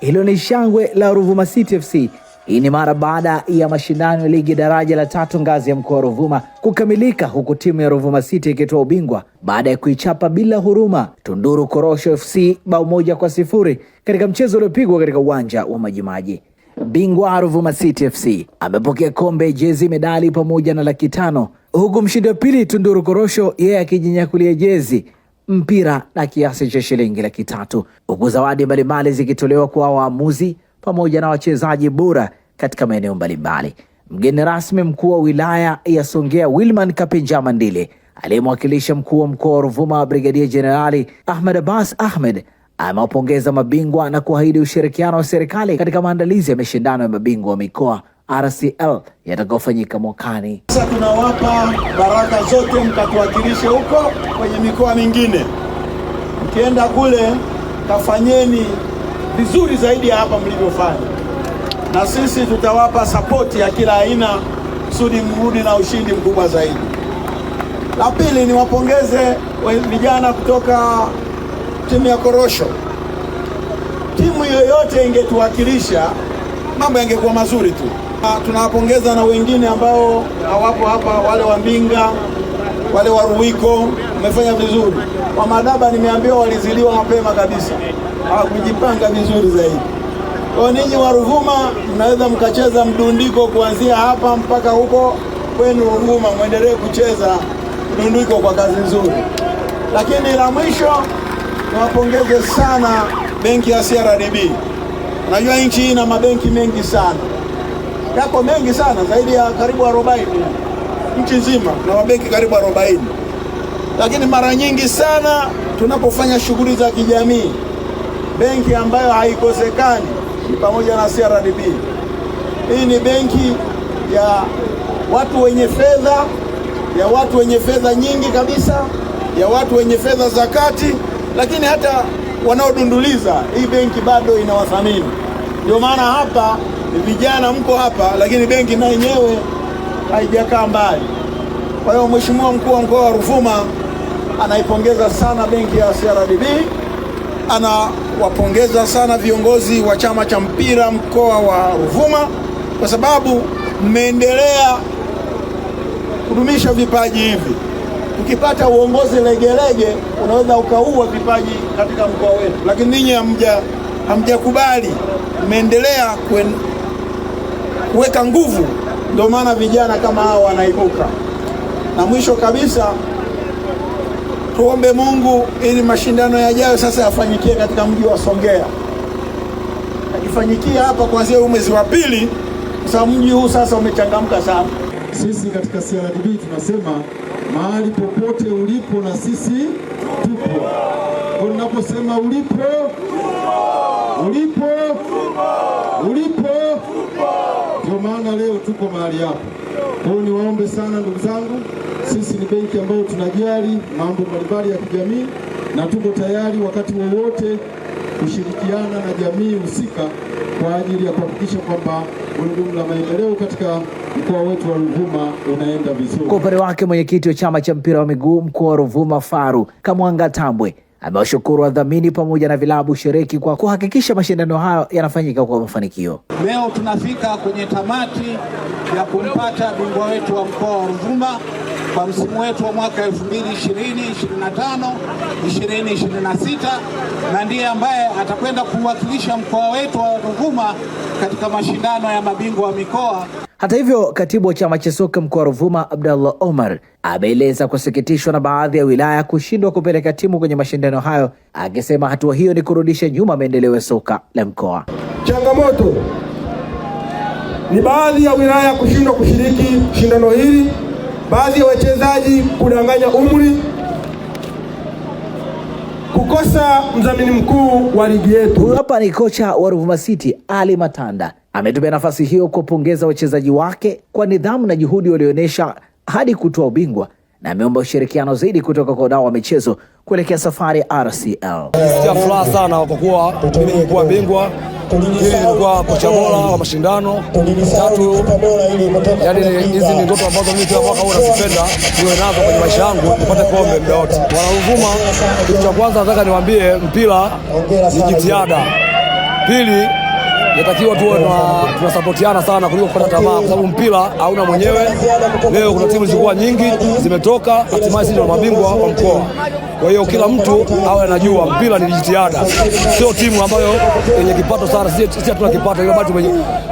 Hilo ni shangwe la Ruvuma City FC. Hii ni mara baada ya mashindano ya ligi daraja la tatu ngazi ya mkoa wa Ruvuma kukamilika huku timu ya Ruvuma City ikitoa ubingwa baada ya kuichapa bila huruma Tunduru Korosho FC bao moja kwa sifuri katika mchezo uliopigwa katika uwanja wa Majimaji. Bingwa Ruvuma City FC amepokea kombe, jezi, medali pamoja na laki tano huku mshindi wa pili Tunduru Korosho yeye akijinyakulia jezi mpira na kiasi cha shilingi laki tatu huku zawadi mbalimbali zikitolewa kwa waamuzi pamoja na wachezaji bora katika maeneo mbalimbali. Mgeni rasmi mkuu wa wilaya ya Songea Wilman Kapinjama Ndile aliyemwakilisha mkuu wa mkoa wa Ruvuma Brigadia Jenerali Ahmed Abbas Ahmed amewapongeza mabingwa na kuahidi ushirikiano wa serikali katika maandalizi ya mashindano ya mabingwa wa mikoa. RCL yatakayofanyika mwakani. Sasa tunawapa baraka zote, mkatuwakilishe huko kwenye mikoa mingine. Mkienda kule, kafanyeni vizuri zaidi ya hapa mlivyofanya, na sisi tutawapa sapoti ya kila aina kusudi mrudi na ushindi mkubwa zaidi. La pili, niwapongeze vijana kutoka timu ya Korosho. Timu yoyote ingetuwakilisha mambo yangekuwa mazuri tu. Ah, tunawapongeza na wengine ambao hawapo hapa, wale wa Mbinga, wale wa Ruwiko, wamefanya vizuri. Wa Madaba nimeambiwa waliziliwa mapema kabisa, hawakujipanga vizuri zaidi. Kwa ninyi wa Ruvuma mnaweza mkacheza mdundiko kuanzia hapa mpaka huko kwenu Ruvuma, mwendelee kucheza mdundiko kwa kazi nzuri. Lakini la mwisho niwapongeze sana benki ya CRDB. Najua nchi hii ina mabenki mengi sana yako mengi sana, zaidi ya karibu arobaini nchi nzima na mabenki karibu arobaini. Lakini mara nyingi sana tunapofanya shughuli za kijamii, benki ambayo haikosekani ni pamoja na CRDB. Hii ni benki ya watu wenye fedha, ya watu wenye fedha nyingi kabisa, ya watu wenye fedha za kati, lakini hata wanaodunduliza hii benki bado inawathamini. Ndio maana hapa vijana mko hapa, lakini benki na yenyewe haijakaa mbali. Kwa hiyo Mheshimiwa mkuu wa mkoa wa Ruvuma anaipongeza sana benki ya CRDB, anawapongeza sana viongozi wa chama cha mpira mkoa wa Ruvuma kwa sababu mmeendelea kudumisha vipaji hivi. Ukipata uongozi legelege, unaweza ukaua vipaji katika mkoa wetu, lakini ninyi hamjakubali, mmeendelea kuweka nguvu. Ndio maana vijana kama hao wanaibuka. Na mwisho kabisa, tuombe Mungu ili mashindano yajayo sasa yafanyikie katika mji wa Songea, yakifanyikia hapa kuanzia huu mwezi wa pili, kwa sababu mji huu sasa umechangamka sana. Sisi katika CRDB tunasema mahali popote ulipo na sisi tupo. Kwa ninaposema ulipo ulipo ulipo leo tuko mahali hapa. Kwa hiyo niwaombe sana ndugu zangu, sisi ni benki ambayo tunajali mambo mbalimbali ya kijamii na tuko tayari wakati wowote kushirikiana na jamii husika kwa ajili ya kuhakikisha kwamba gurudumu la maendeleo katika mkoa wetu wa Ruvuma unaenda vizuri. Kwa upande wake mwenyekiti wa chama cha mpira wa miguu mkoa wa Ruvuma Faru Kamwanga Tambwe amewashukuru wadhamini pamoja na vilabu shiriki kwa kuhakikisha mashindano hayo yanafanyika kwa mafanikio. Leo tunafika kwenye tamati ya kumpata bingwa wetu wa mkoa wa Ruvuma kwa msimu wetu wa mwaka 2020 25 2026 na ndiye ambaye atakwenda kuwakilisha mkoa wetu wa Ruvuma katika mashindano ya mabingwa wa mikoa. Hata hivyo, katibu wa chama cha soka mkoa wa Ruvuma Abdallah Omar ameeleza kusikitishwa na baadhi ya wilaya kushindwa kupeleka timu kwenye mashindano hayo, akisema hatua hiyo ni kurudisha nyuma maendeleo ya soka la mkoa. Changamoto ni baadhi ya wilaya kushindwa kushiriki shindano hili, baadhi ya wachezaji kudanganya umri, kukosa mdhamini mkuu wa ligi yetu. Huyu hapa ni kocha wa Ruvuma City Ali Matanda Ametumia nafasi hiyo kuwapongeza wachezaji wake kwa nidhamu na juhudi walioonyesha hadi kutoa ubingwa na ameomba ushirikiano zaidi kutoka kwa wadau wa michezo kuelekea safari ya RCL. Sikia furaha sana kwa kuwa mimi nilikuwa bingwa, ili nilikuwa kocha bora wa mashindano tatu. Yani hizi ni ndoto ambazo mimi kila mwaka nazipenda niwe nazo kwenye maisha yangu, nipate kombe muda wote. Wanaruvuma, kitu cha kwanza nataka niwaambie, mpira ni jitihada. Pili yatakiwa tuwe tunasapotiana sana kuliko kupata tamaa, kwa sababu mpira hauna mwenyewe. Leo kuna timu zilikuwa nyingi zimetoka, hatimaye sisi ndio mabingwa wa mkoa. Kwa hiyo kila mtu awe anajua mpira ni jitihada, sio timu ambayo yenye kipato sana. Sisi hatuna kipato, ila bado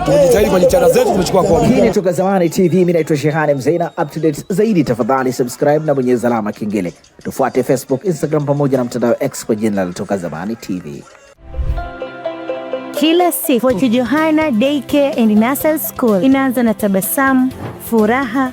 tumejitahidi kwa jitihada zetu, tumechukua kombe. Hii ni Toka Zamani TV, mimi naitwa Shehani Mzeina. Up to date zaidi, tafadhali subscribe na bonyeza alama kengele. Tufuate Facebook, Instagram pamoja na mtandao X kwa jina la Toka Zamani TV kila siku. Fort Johanna Daycare and Nursery School inaanza na tabasamu, furaha